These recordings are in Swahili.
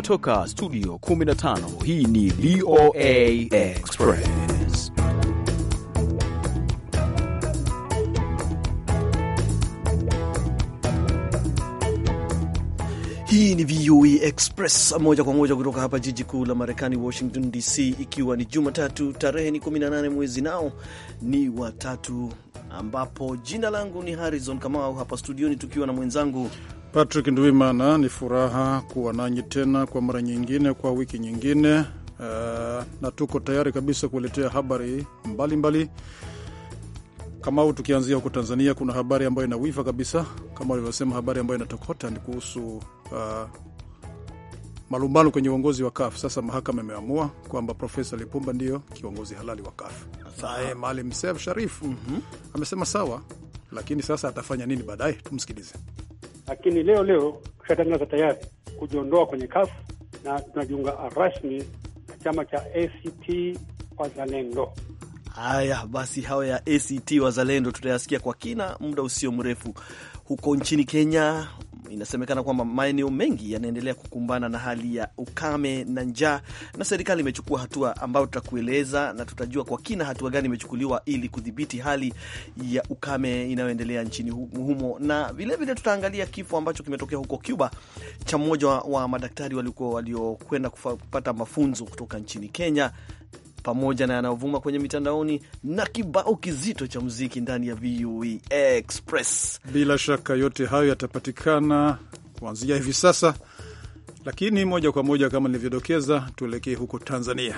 kutoka studio 15 hii ni VOA Express Hii ni VOA Express moja kwa moja kutoka hapa jiji kuu la Marekani, Washington DC, ikiwa ni Jumatatu tarehe ni 18 mwezi nao ni watatu, ambapo jina langu ni Harrison Kamau hapa studioni tukiwa na mwenzangu Patrick Nduimana, ni furaha kuwa nanyi tena kwa mara nyingine, kwa wiki nyingine uh, na tuko tayari kabisa kuletea habari mbalimbali Kamau, tukianzia huko Tanzania, kuna habari ambayo inawiva kabisa kama walivyosema, habari ambayo inatokota ni kuhusu uh, malumbano kwenye uongozi wa KAF. Sasa mahakama imeamua kwamba Profesa Lipumba ndiyo kiongozi halali wa KAF. Sae Maalim Seif Sharif mm -hmm. amesema sawa, lakini sasa atafanya nini baadaye? Tumsikilize lakini leo leo kushatangaza tayari kujiondoa kwenye kafu na tunajiunga rasmi na chama cha ACT Wazalendo. Haya basi, hawa ya ACT Wazalendo tutayasikia kwa kina muda usio mrefu. Huko nchini Kenya Inasemekana kwamba maeneo mengi yanaendelea kukumbana na hali ya ukame na njaa, na serikali imechukua hatua ambayo tutakueleza na tutajua kwa kina hatua gani imechukuliwa ili kudhibiti hali ya ukame inayoendelea nchini humo, na vilevile tutaangalia kifo ambacho kimetokea huko Cuba cha mmoja wa madaktari waliokwenda kupata mafunzo kutoka nchini Kenya pamoja na yanayovuma kwenye mitandaoni na kibao kizito cha muziki ndani ya VOA e Express. Bila shaka yote hayo yatapatikana kuanzia hivi sasa, lakini moja kwa moja kama nilivyodokeza, tuelekee huko Tanzania.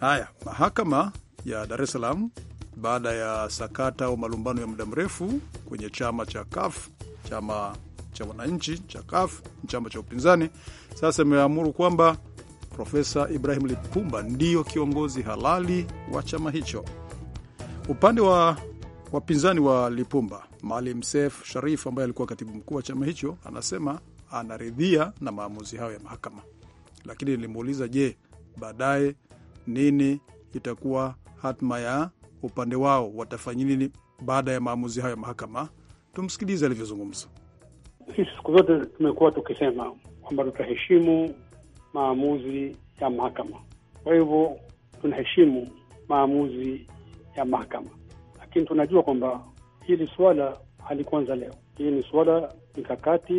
Haya, mahakama ya Dar es Salaam baada ya sakata au malumbano ya muda mrefu kwenye chama cha CUF, chama cha wananchi cha CUF, chama cha upinzani, sasa imeamuru kwamba Profesa Ibrahim Lipumba ndiyo kiongozi halali wa chama hicho. Upande wa wapinzani wa Lipumba, Maalim Seif Sharif ambaye alikuwa katibu mkuu wa chama hicho, anasema anaridhia na maamuzi hayo ya mahakama, lakini nilimuuliza, je, baadaye nini itakuwa hatma ya upande wao? Watafanya nini baada ya maamuzi hayo ya mahakama? Tumsikilize alivyozungumza. Sisi siku zote tumekuwa tukisema kwamba tutaheshimu maamuzi ya mahakama. Kwa hivyo tunaheshimu maamuzi ya mahakama, lakini tunajua kwamba hili suala halikuanza leo. Hii ni suala mikakati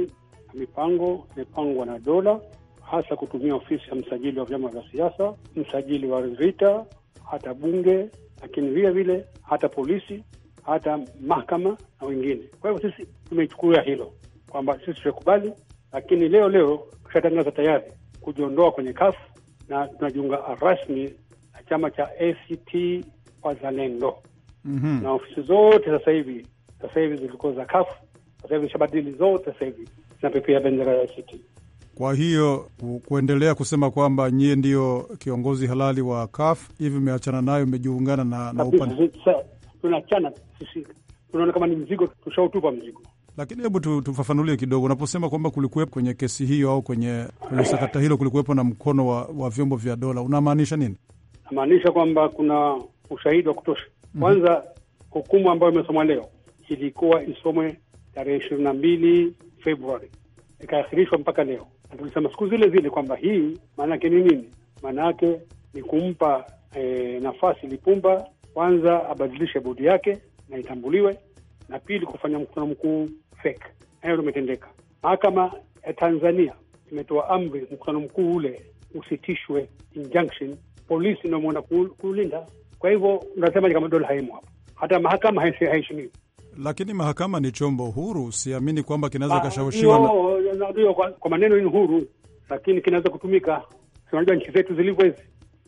na mipango imepangwa na dola, hasa kutumia ofisi ya msajili wa vyama vya siasa, msajili wa vita, hata bunge, lakini vile vile hata polisi, hata mahakama na wengine. Kwa hivyo sisi tumechukulia hilo kwamba sisi tunakubali, lakini leo leo tushatangaza tayari kujiondoa kwenye CUF na tunajiunga rasmi na chama cha ACT Wazalendo. mm -hmm. na ofisi zote sasa hivi sasa hivi zilikuwa za CUF, sasa hivi shabadili zote, sasa hivi zinapepea bendera ya ACT. Kwa hiyo kuendelea kusema kwamba nyie ndio kiongozi halali wa CUF hivi mmeachana nayo, mmejiungana na, na upande tunaachana, tunaona kama ni mzigo, tushautupa mzigo. Lakini hebu tufafanulie kidogo, unaposema kwamba kulikuwepo kwenye kesi hiyo au kwenye, kwenye sakata hilo kulikuwepo na mkono wa, wa vyombo vya dola, unamaanisha nini? Namaanisha kwamba kuna ushahidi wa kutosha. Mhm. Kwanza mm -hmm. hukumu ambayo imesomwa leo ilikuwa isomwe tarehe ishirini na mbili Februari ikaahirishwa mpaka leo, na tulisema siku zile zile kwamba hii maana yake ni nini? Maana yake ni kumpa e, nafasi Lipumba kwanza abadilishe bodi yake na itambuliwe, na pili kufanya mkutano mkuu fake. Hayo limetendeka. Mahakama ya Tanzania imetoa amri, mkutano mkuu ule usitishwe, injunction. Polisi ndio mwenda kwa hivyo unasema ni kama dola haimo hapo, hata mahakama haiheshimiwi. Lakini mahakama ni chombo huru, siamini kwamba kinaweza ah, kashawishiwa na... kwa, kwa maneno ni huru, lakini kinaweza kutumika. Unajua nchi zetu zilivyo hizi.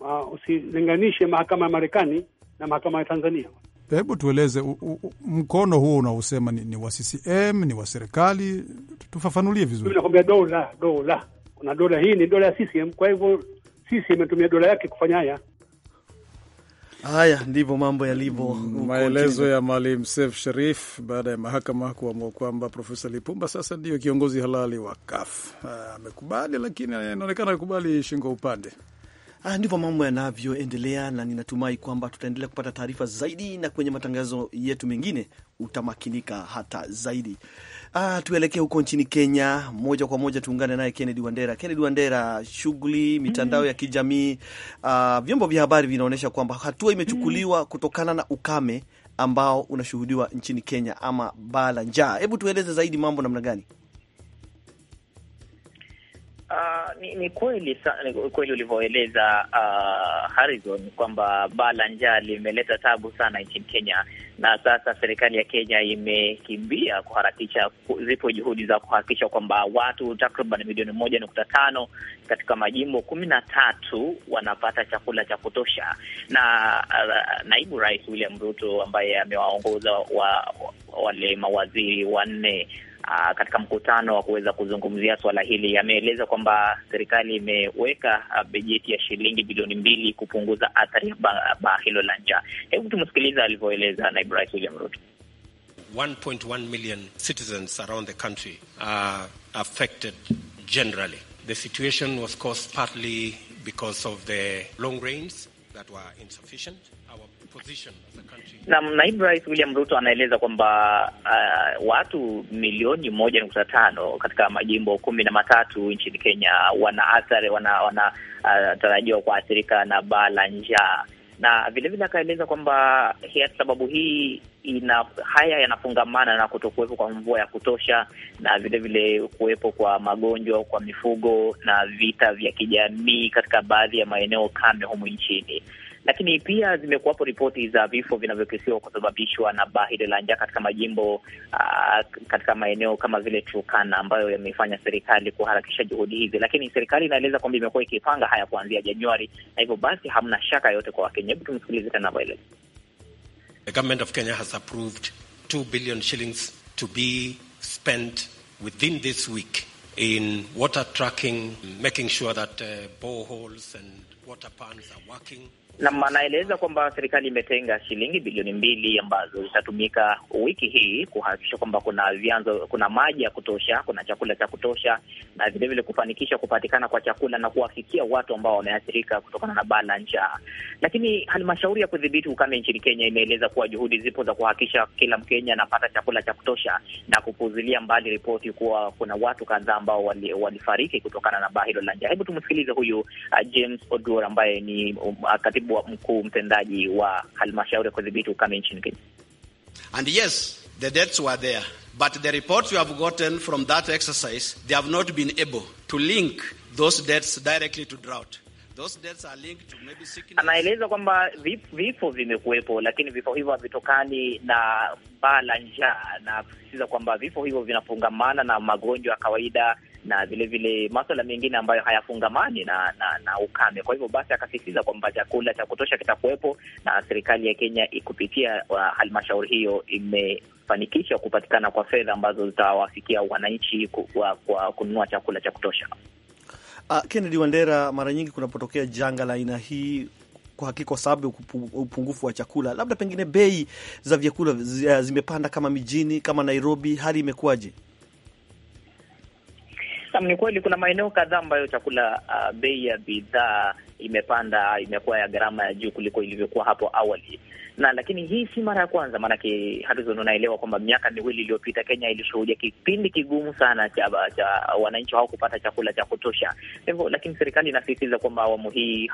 Ah, usilinganishe mahakama ya Marekani na mahakama ya Tanzania. Hebu tueleze u, u, mkono huo unaosema ni, ni wa CCM ni wa serikali? Tufafanulie vizuri. Nakwambia dola dola, kuna dola hii ni dola ya CCM. Kwa hivyo CCM imetumia dola yake kufanya haya. Haya ndivyo mambo yalivyo. Mm, maelezo ya Maalim sef Sharif baada ya mahakama kuamua kwamba Profesa Lipumba sasa ndiyo kiongozi halali wa KAF. Ah, amekubali, lakini inaonekana kubali shingo upande. Ah, ndivyo mambo yanavyoendelea, na ninatumai kwamba tutaendelea kupata taarifa zaidi, na kwenye matangazo yetu mengine utamakinika hata zaidi. Ah, tuelekee huko nchini Kenya moja kwa moja, tuungane naye Kennedy Wandera. Kennedy Wandera, shughuli mm-hmm. mitandao ya kijamii ah, vyombo vya habari vinaonyesha kwamba hatua imechukuliwa mm-hmm. kutokana na ukame ambao unashuhudiwa nchini Kenya ama baa la njaa. Hebu tueleze zaidi mambo namna gani? Uh, ni, ni kweli ni kweli ulivyoeleza uh, Harrison kwamba baa la njaa limeleta tabu sana nchini Kenya, na sasa serikali ya Kenya imekimbia kuharakisha, zipo juhudi za kuhakikisha kwamba watu takriban milioni moja nukta tano katika majimbo kumi na tatu wanapata chakula cha kutosha, na uh, naibu rais William Ruto ambaye amewaongoza wa, wa, wale mawaziri wanne Aa, ah, katika mkutano wa kuweza kuzungumzia swala hili ameeleza kwamba serikali imeweka ah, bajeti ya shilingi bilioni mbili kupunguza athari ya baa ba hilo la njaa. Hebu tumsikiliza alivyoeleza naibu rais William Ruto. 1.1 million citizens around the country are affected generally. The situation was caused partly because of the long rains that were insufficient nam naibu rais William Ruto anaeleza kwamba uh, watu milioni moja nukta tano katika majimbo kumi na matatu nchini Kenya wana athari wanatarajiwa wana, uh, kuathirika na baa la njaa, na vilevile akaeleza kwamba sababu hii ina haya yanafungamana na kutokuwepo kwa mvua ya kutosha na vilevile kuwepo kwa magonjwa kwa mifugo na vita vya kijamii katika baadhi ya maeneo kame humu nchini lakini pia zimekuwapo ripoti za vifo vinavyokisiwa kusababishwa na baa la njaa katika majimbo aa, ah, katika maeneo kama vile Turkana ambayo yamefanya serikali kuharakisha juhudi hizi, lakini serikali inaeleza kwamba imekuwa ikipanga haya kuanzia Januari, na hivyo basi hamna shaka yote kwa Wakenya. Hebu tumsikilize tena maelezo. The government of Kenya has approved 2 billion shillings to be spent within this week in water tracking, making sure that uh, boreholes and water pans are working. Na anaeleza kwamba serikali imetenga shilingi bilioni mbili ambazo zitatumika wiki hii kuhakikisha kwamba kuna vyanzo, kuna maji ya kutosha, kuna chakula cha kutosha, na vilevile kufanikisha kupatikana kwa chakula na kuwafikia watu ambao wameathirika kutokana na baa la njaa. Lakini halmashauri ya kudhibiti ukame nchini Kenya imeeleza kuwa juhudi zipo za kuhakikisha kila Mkenya anapata chakula cha kutosha na kupuzilia mbali ripoti kuwa kuna watu kadhaa ambao walifariki wali kutokana na baa hilo la njaa. Hebu tumsikilize huyu uh, James Oduor ambaye ni um, katibu naibu mkuu mtendaji wa halmashauri ya kudhibiti ukame nchini Kenya. And yes, the deaths were there, but the reports we have gotten from that exercise, they have not been able to link those deaths directly to drought. Those are linked to maybe sickness. Anaeleza kwamba vifo vimekuwepo, lakini vifo hivyo havitokani na baa la njaa, na kusisitiza kwamba vifo hivyo vinafungamana na magonjwa ya kawaida na vilevile maswala mengine ambayo hayafungamani na, na na ukame. Kwa hivyo basi akasisitiza kwamba chakula cha kutosha kitakuwepo, na serikali ya Kenya kupitia halmashauri hiyo imefanikisha kupatikana kwa fedha ambazo zitawafikia wananchi kwa, kwa kununua chakula cha kutosha. Uh, Kennedy Wandera, mara nyingi kunapotokea janga la aina hii kwa hakika kwa sababu upungufu wa chakula, labda pengine bei za vyakula zimepanda kama mijini kama Nairobi, hali imekuwaje? Sam, ni kweli kuna maeneo kadhaa ambayo chakula uh, bei ya bidhaa imepanda, imekuwa ya gharama ya juu kuliko ilivyokuwa hapo awali, na lakini hii si mara ya kwanza, maanake Harizon, unaelewa kwamba miaka miwili iliyopita Kenya ilishuhudia kipindi kigumu sana cha, cha wananchi hao kupata chakula cha kutosha. Hivyo lakini serikali inasisitiza kwamba awamu hii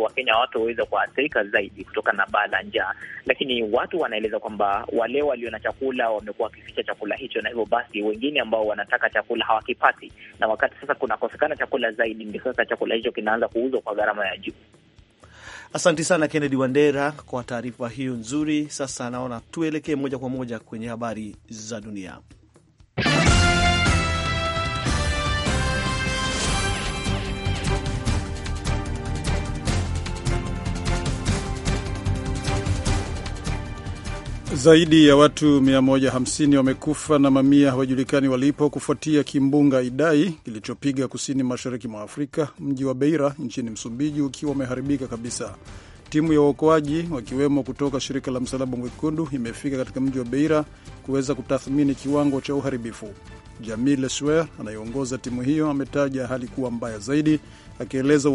Wakenya hawataweza kuathirika zaidi kutokana na baa la njaa, lakini watu wanaeleza kwamba wale walio na chakula wamekuwa wakificha chakula hicho, na hivyo basi wengine ambao wanataka chakula hawakipati, na wakati sasa kunakosekana chakula zaidi, ndio sasa chakula hicho kinaanza kuuzwa kwa gharama ya juu. Asanti sana Kennedy Wandera kwa taarifa hiyo nzuri. Sasa naona tuelekee moja kwa moja kwenye habari za dunia. Zaidi ya watu 150 wamekufa na mamia hawajulikani walipo kufuatia kimbunga Idai kilichopiga kusini mashariki mwa Afrika, mji wa Beira nchini Msumbiji ukiwa umeharibika kabisa. Timu ya uokoaji wakiwemo kutoka shirika la Msalaba Mwekundu imefika katika mji wa Beira kuweza kutathmini kiwango cha uharibifu. jami Leswer anayeongoza timu hiyo ametaja hali kuwa mbaya zaidi, akieleza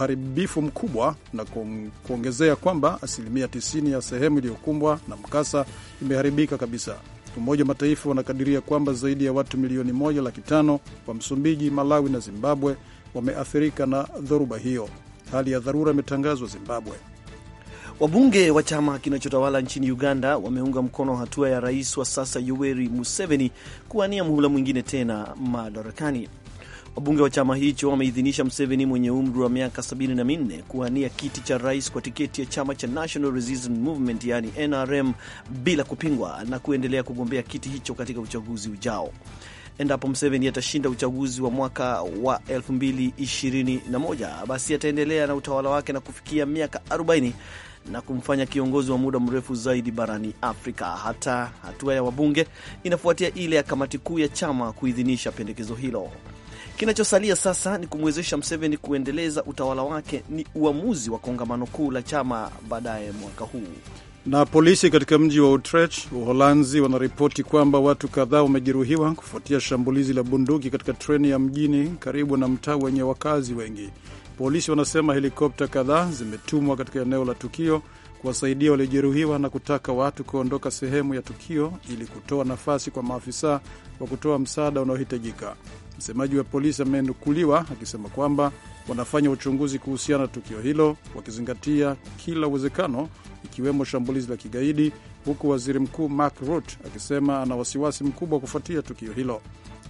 uharibifu mkubwa na kuongezea kwamba asilimia 90 ya sehemu iliyokumbwa na mkasa imeharibika kabisa. Umoja wa Mataifa wanakadiria kwamba zaidi ya watu milioni moja laki tano wa Msumbiji, Malawi na Zimbabwe wameathirika na dhoruba hiyo. Hali ya dharura imetangazwa Zimbabwe. Wabunge wa chama kinachotawala nchini Uganda wameunga mkono hatua ya rais wa sasa Yoweri Museveni kuwania muhula mwingine tena madarakani. Wabunge wa chama hicho wameidhinisha mseveni mwenye umri wa miaka 74 kuwania kiti cha rais kwa tiketi ya chama cha National Resistance Movement yani NRM bila kupingwa na kuendelea kugombea kiti hicho katika uchaguzi ujao endapo Museveni atashinda uchaguzi wa mwaka wa 2021, basi ataendelea na utawala wake na kufikia miaka 40 na kumfanya kiongozi wa muda mrefu zaidi barani Afrika. Hata hatua ya wabunge inafuatia ile ya kamati kuu ya chama kuidhinisha pendekezo hilo. Kinachosalia sasa ni kumwezesha Museveni kuendeleza utawala wake, ni uamuzi wa kongamano kuu la chama baadaye mwaka huu. Na polisi katika mji wa Utrecht, Uholanzi, wanaripoti kwamba watu kadhaa wamejeruhiwa kufuatia shambulizi la bunduki katika treni ya mjini karibu na mtaa wenye wakazi wengi. Polisi wanasema helikopta kadhaa zimetumwa katika eneo la tukio kuwasaidia waliojeruhiwa na kutaka watu kuondoka sehemu ya tukio ili kutoa nafasi kwa maafisa wa kutoa msaada unaohitajika. Msemaji wa polisi amenukuliwa akisema kwamba wanafanya uchunguzi kuhusiana na tukio hilo wakizingatia kila uwezekano ikiwemo shambulizi la kigaidi, huku waziri mkuu Mark Rutte akisema ana wasiwasi mkubwa kufuatia tukio hilo.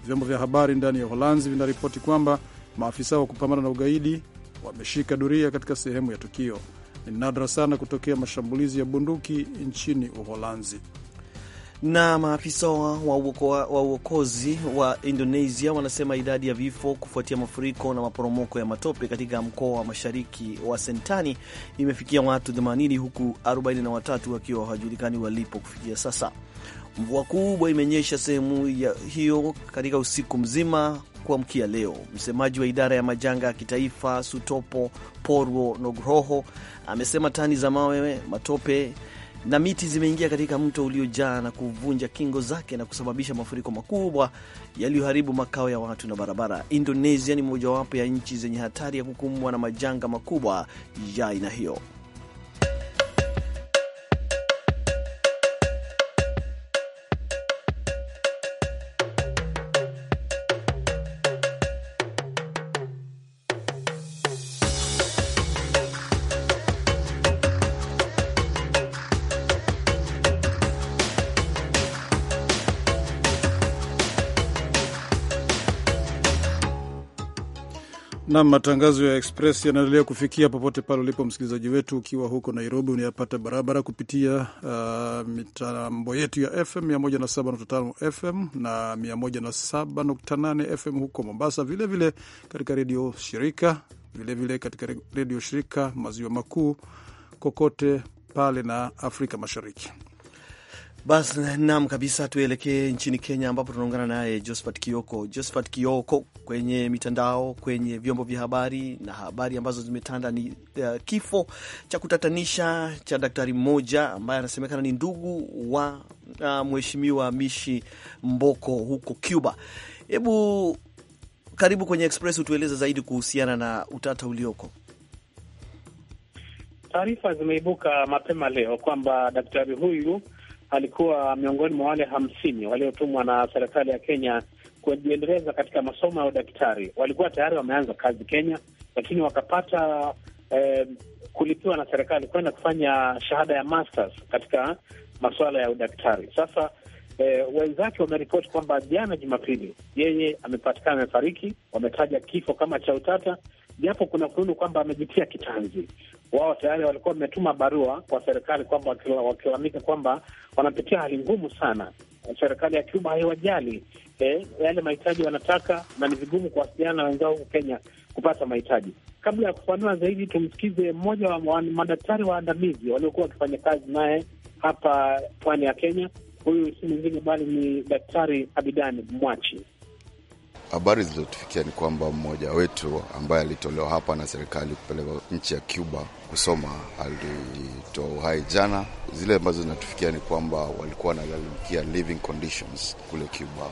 Vyombo vya habari ndani ya Uholanzi vinaripoti kwamba maafisa wa kupambana na ugaidi wameshika doria katika sehemu ya tukio. Ni nadra sana kutokea mashambulizi ya bunduki nchini Uholanzi. Na maafisa wa uokozi wa, wa Indonesia wanasema idadi ya vifo kufuatia mafuriko na maporomoko ya matope katika mkoa wa mashariki wa Sentani imefikia watu 80 huku 43 wakiwa hawajulikani walipo kufikia sasa. Mvua kubwa imenyesha sehemu hiyo katika usiku mzima kuamkia leo. Msemaji wa idara ya majanga ya kitaifa Sutopo Porwo nogroho amesema tani za mawe, matope na miti zimeingia katika mto uliojaa na kuvunja kingo zake na kusababisha mafuriko makubwa yaliyoharibu makao ya watu na barabara. Indonesia ni mojawapo ya nchi zenye hatari ya kukumbwa na majanga makubwa ya aina hiyo. nam matangazo ya Express yanaendelea kufikia popote pale ulipo msikilizaji wetu, ukiwa huko Nairobi unayapata barabara kupitia uh, mitambo yetu ya FM 107.5 FM na 107.8 FM huko Mombasa, vilevile katika redio shirika, vilevile katika redio shirika maziwa makuu, kokote pale na Afrika Mashariki. Bas nam kabisa, tuelekee nchini Kenya ambapo tunaungana naye Josphat Kioko. Josphat Kioko, kwenye mitandao, kwenye vyombo vya habari na habari ambazo zimetanda ni uh, kifo cha kutatanisha cha daktari mmoja ambaye anasemekana ni ndugu wa uh, mheshimiwa Mishi Mboko huko Cuba. Hebu karibu kwenye Express, utueleze zaidi kuhusiana na utata ulioko. Taarifa zimeibuka mapema leo kwamba daktari huyu alikuwa miongoni mwa wale hamsini waliotumwa na serikali ya Kenya kujiendeleza katika masomo ya udaktari. Walikuwa tayari wameanza kazi Kenya, lakini wakapata eh, kulipiwa na serikali kwenda kufanya shahada ya masters katika masuala ya udaktari. Sasa eh, wenzake wameripoti kwamba jana Jumapili yeye amepatikana amefariki. Wametaja kifo kama cha utata, japo kuna fununu kwamba amejitia kitanzi. Wao tayari walikuwa wametuma barua kwa serikali kwamba wakilalamika kwamba wanapitia hali ngumu sana, serikali ya Cuba haiwajali eh, yale mahitaji wanataka, na ni vigumu kuwasiliana na wenzao huku Kenya kupata mahitaji. Kabla ya kufanua zaidi, tumsikize mmoja wa madaktari waandamizi waliokuwa wakifanya kazi naye hapa pwani ya Kenya. Huyu si mwingine bali ni Daktari Abidani Mwachi. Habari zilizotufikia ni kwamba mmoja wetu ambaye alitolewa hapa na serikali kupelekwa nchi ya Cuba kusoma alitoa uhai jana. Zile ambazo zinatufikia ni kwamba walikuwa wanalalamikia living conditions kule Cuba,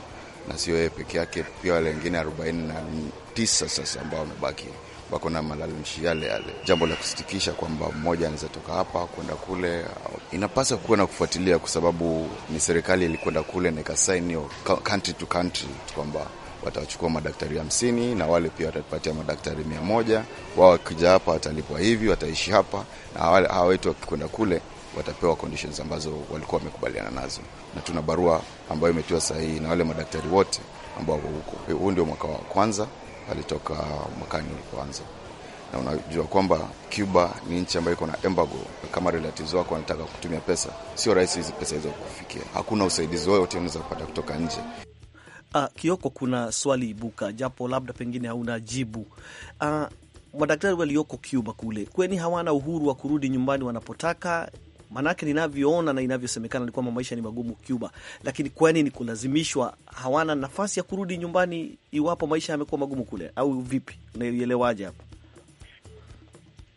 na sio yeye peke yake, pia wale wengine 49 sasa ambao wamebaki wako na malalamishi yale yale. Jambo la kusitikisha kwamba mmoja anaweza toka hapa kwenda kule. Inapaswa kuwa na kufuatilia, kwa sababu ni serikali ilikwenda kule na ikasaini country to country kwamba watachukua madaktari hamsini na wale pia watapatia madaktari mia moja Wao wakija hapa watalipwa hivi, wataishi hapa, na hawa wetu wakikwenda kule watapewa conditions ambazo walikuwa wamekubaliana nazo, na tuna barua ambayo imetiwa sahihi na wale madaktari wote ambao huko. Huu ndio mwaka wa kwanza, alitoka mwakani ulipoanza, na unajua kwamba Cuba ni nchi ambayo iko na embago Kama relatives wako wanataka kutumia pesa, sio rahisi hizi pesa hizo kufikia. Hakuna usaidizi wote unaweza kupata kutoka nje. Uh, Kioko, kuna swali ibuka, japo labda pengine hauna jibu uh, madaktari walioko Cuba kule kweni hawana uhuru wa kurudi nyumbani wanapotaka? Maanake ninavyoona na inavyosemekana ni kwamba maisha ni magumu Cuba, lakini kwani ni kulazimishwa, hawana nafasi ya kurudi nyumbani iwapo maisha yamekuwa magumu kule, au vipi? Unaielewaje hapo?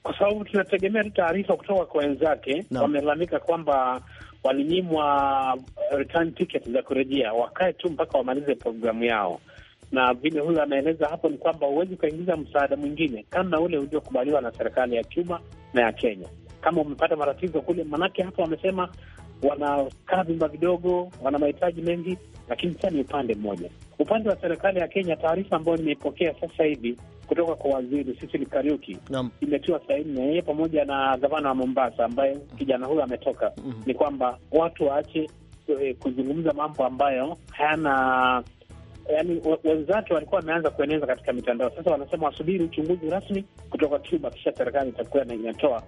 Kwa sababu tunategemea tu taarifa kutoka kwa wenzake Wamelalamika kwamba walinyimwa uh, return ticket za kurejea, wakae tu mpaka wamalize programu yao. Na vile huyo anaeleza hapo ni kwamba huwezi ukaingiza msaada mwingine kama ule uliokubaliwa na serikali ya Cuba na ya Kenya, kama umepata matatizo kule. Manake hapo wamesema wanakaa vyumba vidogo, wana mahitaji mengi, lakini sasa ni upande mmoja. Upande wa serikali ya Kenya, taarifa ambayo nimeipokea sasa hivi kutoka kwa waziri Sicily Kariuki imetiwa saini na yeye pamoja na gavana wa Mombasa ambaye mm-hmm. kijana huyo ametoka. mm -hmm. Ni kwamba watu waache eh, kuzungumza mambo ambayo hayana yaani wenzake walikuwa wameanza kueneza katika mitandao. Sasa wanasema wasubiri uchunguzi rasmi kutoka Cuba, kisha serikali itakuwa inatoa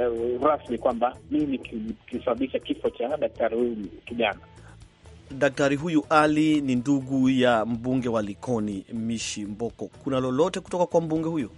e, rasmi kwamba nini kilisababisha kifo cha daktari huyu kijana. Daktari huyu Ali ni ndugu ya mbunge wa Likoni Mishi Mboko. Kuna lolote kutoka kwa mbunge huyu?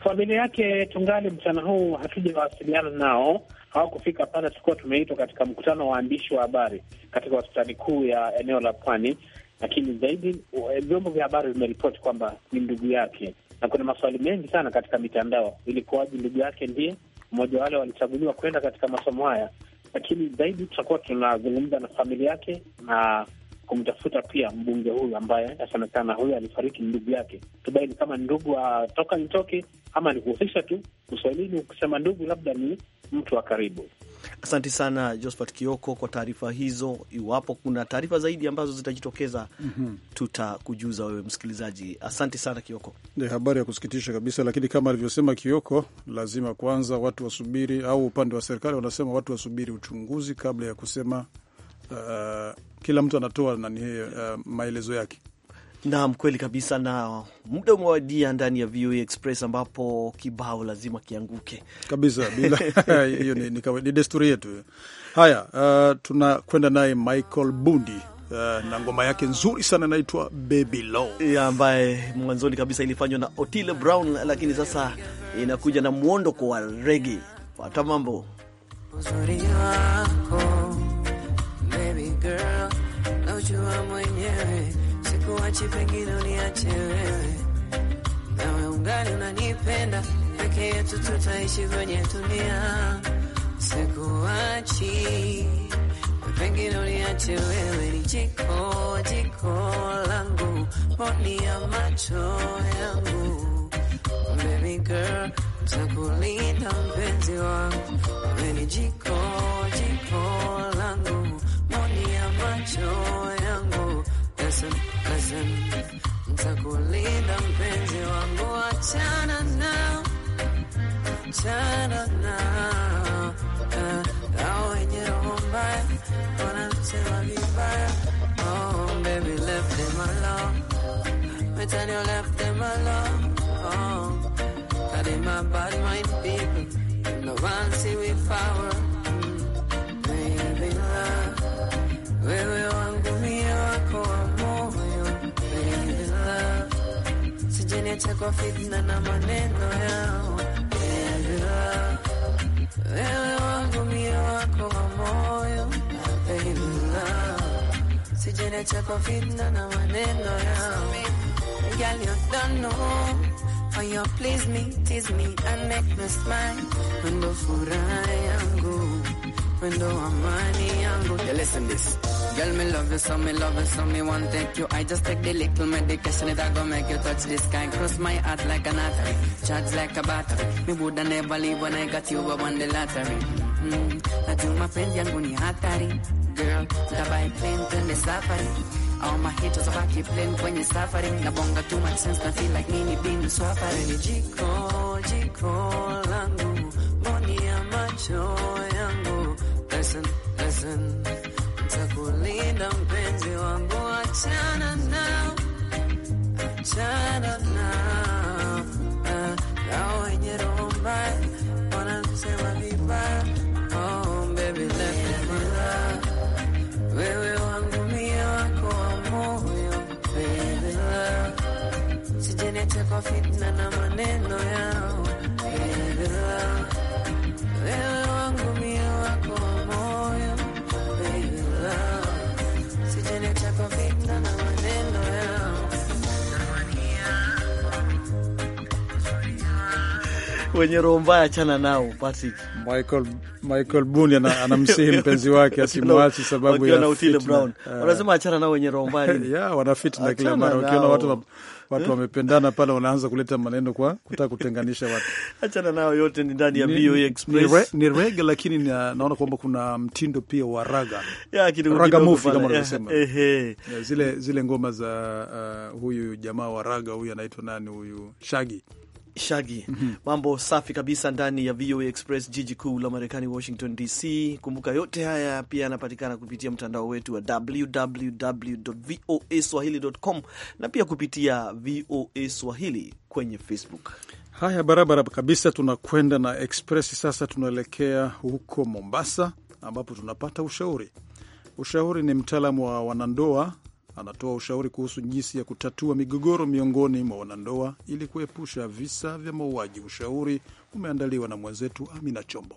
Familia yake tungali mchana huu hatujawasiliana nao, hawakufika pale. Tulikuwa tumeitwa katika mkutano wa waandishi wa habari katika hospitali kuu ya eneo la Pwani, lakini zaidi eh, vyombo vya habari vimeripoti kwamba ni ndugu yake, na kuna maswali mengi sana katika mitandao. Ilikuwaje ndugu yake ndiye mmoja wale walichaguliwa kwenda katika masomo haya? lakini zaidi tutakuwa tunazungumza na familia yake na kumtafuta pia mbunge huyu ambaye yasemekana huyu alifariki ndugu yake, tubaini kama ndugu wa ah, toka nitoke ama kuhusisha tu. Uswahilini ukisema ndugu, labda ni mtu wa karibu. Asante sana Josphat Kioko kwa taarifa hizo. Iwapo kuna taarifa zaidi ambazo zitajitokeza, mm -hmm. tutakujuza wewe msikilizaji. Asante sana Kioko. Ni habari ya kusikitisha kabisa, lakini kama alivyosema Kioko, lazima kwanza watu wasubiri, au upande wa serikali wanasema watu wasubiri uchunguzi kabla ya kusema uh, kila mtu anatoa nani uh, maelezo yake. Naam, kweli kabisa, na muda umewadia ndani ya VOA e Express ambapo kibao lazima kianguke kabisa bila hiyo ni, ni, ni desturi yetu. Haya, uh, tunakwenda naye Michael Bundi Uh, na ngoma yake nzuri sana inaitwa Baby Low ambaye mwanzoni kabisa ilifanywa na Otile Brown, lakini sasa inakuja na mwondoko wa rege. Pata mambo yako girl, naujua mwenyewe, sikuachi pengine uniache wewe, nawe ungali unanipenda, peke yetu tutaishi kwenye dunia, sikuachi pengine uniache wewe, ni jiko jiko langu, poni ya macho yangu, baby girl takulinda mpenzi wangu, ni jiko jiko langu show yangu Kasim, Kasim, ntakulinda mpenzi wangu, achana nao, achana nao eh, hao wenye roho mbaya wanasema vibaya. Oh baby left them alone, me tell you left them alone. Oh, that in my body my people, no one see we power wewe kwa fitna na maneno yao wewe wangu mie wako wa moyo baby kwa fitna na maneno yao Girl, you don't know how you please me, tease me and make me smile wendo furaha yangu wendo amani yangu yeah, listen this Girl, me love you, so me love you, so me want take you. I just take the little medication that go make you touch the sky. Cross my heart like an artery, charge like a battery. Me woulda never leave when I got you, I won the lottery. Mm, natin mapenzi yangu ni hatari Girl, tabai plane me safari All my haters you're suffering. safari bonga too much sense na feel like me nini binu swafari Ni jiko, jiko langu Mboni I'm go. Listen, listen takulinda mpenzi wangu, achana nao, achana nao eh, wenye roho mbaya wanasema vibaya. Oh, wewe wangu kwa fitna na maneno yao wenye roho mbaya achana nao Patrick. Michael Michael Boone anamsihi ana mpenzi wake asimwachi sababu ya Otile Brown. Eh. Wanasema achana nao wenye roho mbaya nini? Yeah, wanafitina kila mara ukiona watu watu wamependana pale, wanaanza kuleta maneno kwa kutaka kutenganisha watu. Achana nao, yote ni ndani ya VOA Express. Ni, re, ni rege lakini na, naona kwamba kuna mtindo pia wa raga raga mufi kama wanavyosema eh, eh, zile, zile ngoma za uh, huyu jamaa wa raga huyu anaitwa nani huyu Shaggy Shagi, mm -hmm. Mambo safi kabisa ndani ya VOA Express, jiji kuu la Marekani, Washington DC. Kumbuka yote haya pia yanapatikana kupitia mtandao wetu wa www.voaswahili.com na pia kupitia VOA Swahili kwenye Facebook. Haya, barabara kabisa, tunakwenda na Express. Sasa tunaelekea huko Mombasa ambapo tunapata ushauri. Ushauri ni mtaalamu wa wanandoa anatoa ushauri kuhusu jinsi ya kutatua migogoro miongoni mwa wanandoa ili kuepusha visa vya mauaji. Ushauri umeandaliwa na mwenzetu Amina Chombo.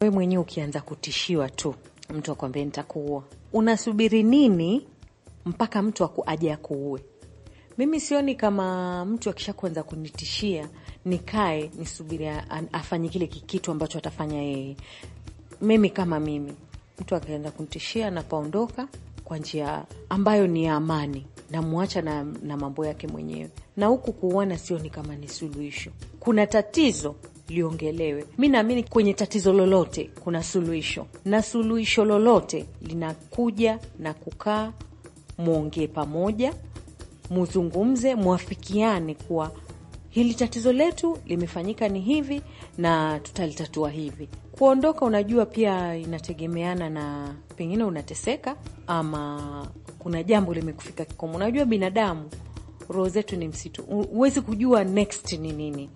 Wewe mwenyewe ukianza kutishiwa tu, mtu akwambia nitakuua, unasubiri nini mpaka mtu akuaje akuue? Mimi sioni kama mtu akisha kuanza kunitishia nikae nisubiri afanye kile kikitu ambacho atafanya yeye. Mimi kama mimi, mtu akaanza kunitishia, napaondoka kwa njia ambayo ni ya amani, namwacha na, na mambo yake mwenyewe. Na huku kuuana sioni kama ni suluhisho. Kuna tatizo liongelewe. Mi naamini kwenye tatizo lolote kuna suluhisho, na suluhisho lolote linakuja na kukaa, mwongee pamoja, muzungumze, mwafikiane kuwa hili tatizo letu limefanyika ni hivi na tutalitatua hivi. Kuondoka unajua, pia inategemeana na pengine unateseka ama kuna jambo limekufika kikomo. Unajua binadamu, roho zetu ni msitu, huwezi kujua next ni nini.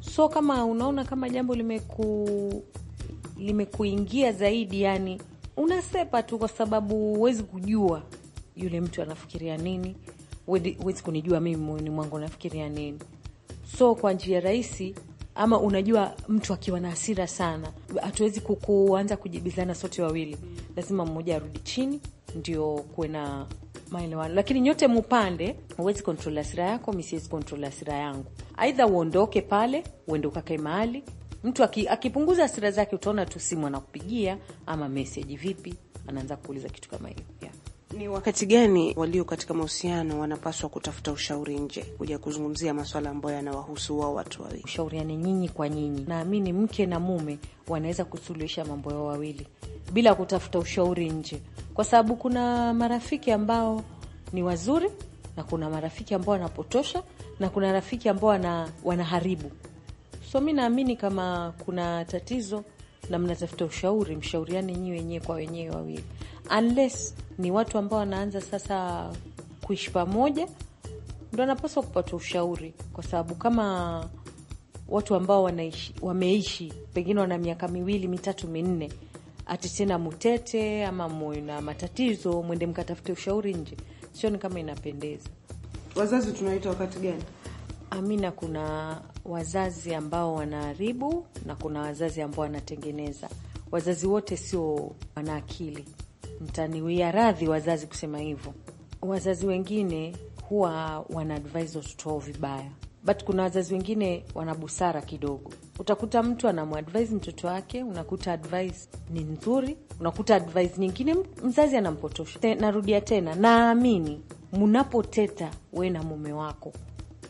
So kama unaona kama jambo limeku limekuingia zaidi, yani unasepa tu, kwa sababu huwezi kujua yule mtu anafikiria nini, huwezi kunijua mimi moyoni mwangu nafikiria nini. So kwa njia rahisi ama unajua, mtu akiwa na hasira sana, hatuwezi kuanza kujibizana sote wawili, lazima mmoja arudi chini ndio kuwe na maelewano, lakini nyote mupande. Huwezi kontrol hasira yako, mi siwezi kontrol hasira yangu. Aidha uondoke pale, uende ukakae mahali. Mtu aki, akipunguza hasira zake, utaona tu simu anakupigia ama meseji, vipi, anaanza kuuliza kitu kama hiyo yeah. Ni wakati gani walio katika mahusiano wanapaswa kutafuta ushauri nje, kuja kuzungumzia maswala ambayo yanawahusu wao watu wawili? Ushauriane nyinyi kwa nyinyi, naamini mke na mume wanaweza kusuluhisha mambo yao wawili bila kutafuta ushauri nje, kwa sababu kuna marafiki ambao ni wazuri na kuna marafiki ambao wanapotosha na kuna rafiki ambao wana, wanaharibu. So mi naamini kama kuna tatizo na mnatafuta ushauri, mshauriane nyinyi wenyewe kwa wenyewe wawili unless ni watu ambao wanaanza sasa kuishi pamoja, ndo anapaswa kupata ushauri, kwa sababu kama watu ambao wanaishi, wameishi pengine wana miaka miwili mitatu minne, ati tena mutete ama muwe na matatizo, mwende mkatafute ushauri nje, sioni kama inapendeza. Wazazi tunaita wakati gani? Amina, kuna wazazi ambao wanaharibu na kuna wazazi ambao wanatengeneza. Wazazi wote sio wana akili mtaniwia radhi wazazi kusema hivyo. Wazazi wengine huwa wana advise watoto wao vibaya, but kuna wazazi wengine wana busara kidogo. Utakuta mtu anamwadvise mtoto wake, unakuta advise ni nzuri, unakuta advise nyingine mzazi anampotosha. narudia tena, naamini mnapoteta we na mume wako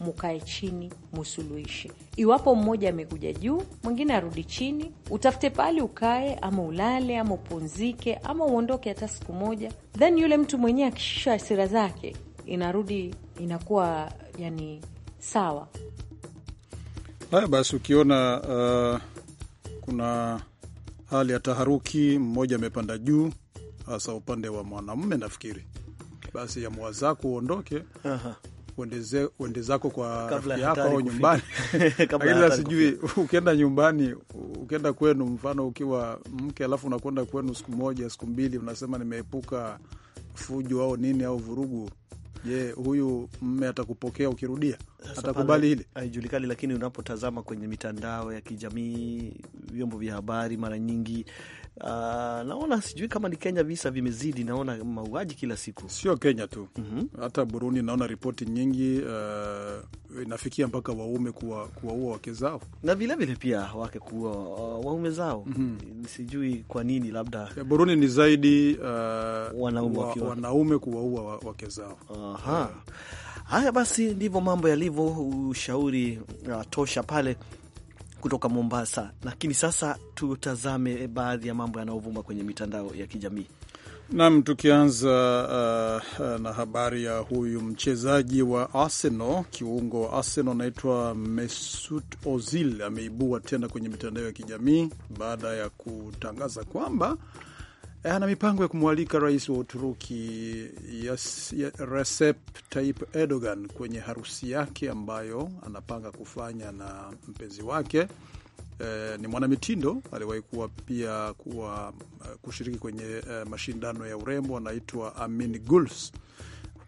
mukae chini, musuluhishe. Iwapo mmoja amekuja juu, mwingine arudi chini, utafute pahali ukae, ama ulale, ama upumzike, ama uondoke hata siku moja, then yule mtu mwenyewe akishusha hasira zake inarudi inakuwa yani sawa. Haya basi, ukiona uh, kuna hali ya taharuki, mmoja amepanda juu, hasa upande wa mwanamume, nafikiri basi yamwazaku uondoke. Aha uende zako kwa rafiki yako au nyumbani, lakini sijui ukienda nyumbani, ukienda kwenu, mfano ukiwa mke alafu unakwenda kwenu siku moja siku mbili, unasema nimeepuka fujo au nini au vurugu Je, yeah, huyu mme atakupokea ukirudia? Atakubali hili haijulikani, lakini unapotazama kwenye mitandao ya kijamii, vyombo vya habari, mara nyingi Uh, naona sijui kama ni Kenya visa vimezidi, naona mauaji kila siku, sio Kenya tu mm -hmm. Hata Burundi naona ripoti nyingi uh, inafikia mpaka waume kuwaua wake zao na vilevile pia wake kuua uh, waume zao mm -hmm. Sijui kwa nini, labda eh, Burundi ni zaidi uh, wanaume, wa, wanaume kuwaua wake zao. Aha. Haya basi, ndivyo mambo yalivyo. Ushauri uh, tosha pale kutoka Mombasa. Lakini sasa tutazame eh, baadhi ya mambo yanayovuma kwenye mitandao ya kijamii. Nam, tukianza uh, uh, na habari ya huyu mchezaji wa Arsenal, kiungo wa Arsenal anaitwa Mesut Ozil ameibua tena kwenye mitandao ya kijamii baada ya kutangaza kwamba Eh, ana mipango ya kumwalika rais wa Uturuki yes, yes, Recep Tayyip Erdogan kwenye harusi yake ambayo anapanga kufanya na mpenzi wake eh, ni mwanamitindo aliwahi kuwa pia kuwa eh, kushiriki kwenye eh, mashindano ya urembo anaitwa Amin Guls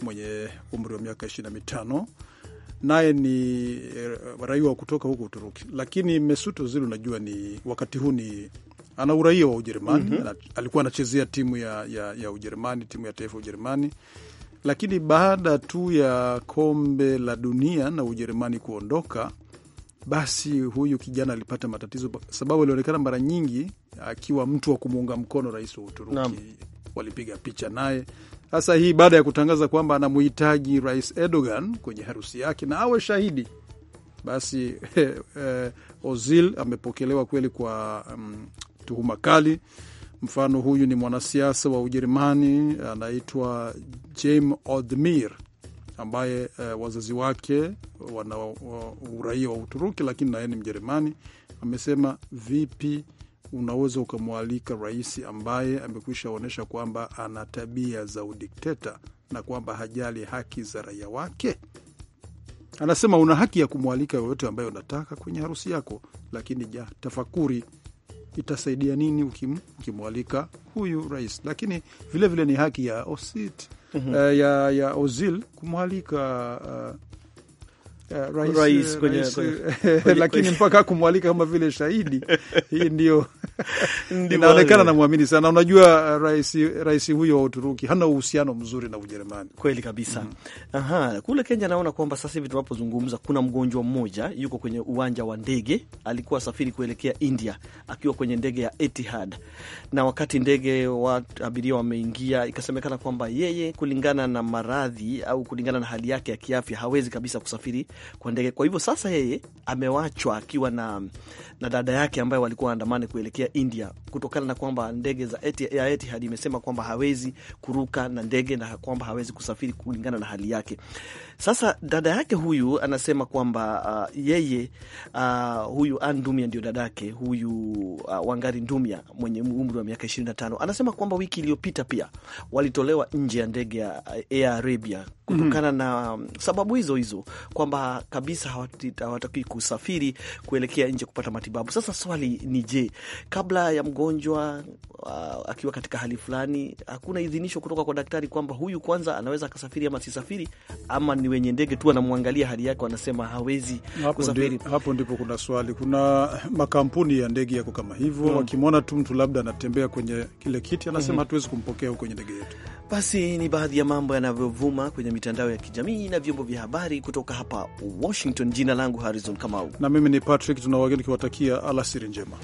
mwenye umri wa miaka ishirini na mitano naye ni eh, raia kutoka huko Uturuki, lakini Mesut Ozil unajua, ni wakati huu ni ana uraia wa Ujerumani mm -hmm. alikuwa anachezea timu ya, ya, ya Ujerumani, timu ya taifa ya Ujerumani, lakini baada tu ya kombe la dunia na Ujerumani kuondoka, basi huyu kijana alipata matatizo, sababu alionekana mara nyingi akiwa mtu wa kumuunga mkono rais wa Uturuki Nam. walipiga picha naye. Sasa hii baada ya kutangaza kwamba anamuhitaji Rais Erdogan kwenye harusi yake na awe shahidi basi eh, eh, Ozil amepokelewa kweli kwa um, tuhuma kali. Mfano, huyu ni mwanasiasa wa Ujerumani anaitwa Jim Odmir ambaye uh, wazazi wake wana uraia wa Uturuki, lakini naye ni Mjerumani. Amesema vipi unaweza ukamwalika rais ambaye amekwisha onyesha kwamba ana tabia za udikteta na kwamba hajali haki za raia wake? Anasema una haki ya kumwalika yoyote ambaye unataka kwenye harusi yako, lakini ja tafakuri itasaidia nini ukim, ukimwalika huyu rais? Lakini vilevile vile ni haki ya Osit, mm -hmm. uh, ya, ya Ozil kumwalika uh, Uh, rais, rais, uh, kwenye, rais kwenye, uh, kwenye, lakini kwenye, mpaka kumwalika kama vile shahidi hii ndio inaonekana namwamini sana. Unajua rais, rais huyo wa Uturuki hana uhusiano mzuri na Ujerumani kweli kabisa. mm Aha, kule Kenya naona kwamba sasa hivi tunapozungumza kuna mgonjwa mmoja yuko kwenye uwanja wa ndege, alikuwa asafiri kuelekea India akiwa kwenye ndege ya Etihad, na wakati ndege wa abiria wameingia, ikasemekana kwamba yeye kulingana na maradhi au kulingana na hali yake ya kiafya hawezi kabisa kusafiri kwa ndege. Kwa hivyo sasa yeye amewachwa akiwa na, na dada yake ambaye walikuwa waandamani kuelekea India kutokana na kwamba ndege za eti, ya Etihad imesema kwamba hawezi kuruka na ndege na kwamba hawezi kusafiri kulingana na hali yake. Sasa dada yake huyu anasema kwamba uh, yeye uh, huyu Ann Ndumia ndio dada yake huyu uh, Wangari Ndumia mwenye umri wa miaka 25 anasema kwamba wiki iliyopita pia walitolewa nje ya ndege ya uh, Air Arabia kutokana mm -hmm. na um, sababu hizo hizo kwamba kabisa hawataki kusafiri kuelekea nje kupata matibabu. Sasa swali ni je, kabla ya mgonjwa uh, akiwa katika hali fulani hakuna idhinisho kutoka kwa daktari kwamba huyu kwanza anaweza akasafiri ama sisafiri ama ni wenye ndege tu wanamwangalia hali yake, wanasema hawezi kusafiri. Hapo ndipo kuna swali, kuna makampuni ya ndege yako kama hivyo mm. wakimwona tu mtu labda anatembea kwenye kile kiti anasema mm -hmm. hatuwezi kumpokea kwenye ndege yetu. Basi ni baadhi ya mambo yanavyovuma kwenye mitandao ya kijamii na vyombo vya habari kutoka hapa Washington. Jina langu Harrison Kamau na mimi ni Patrick, tunawageni kiwatakia alasiri njema.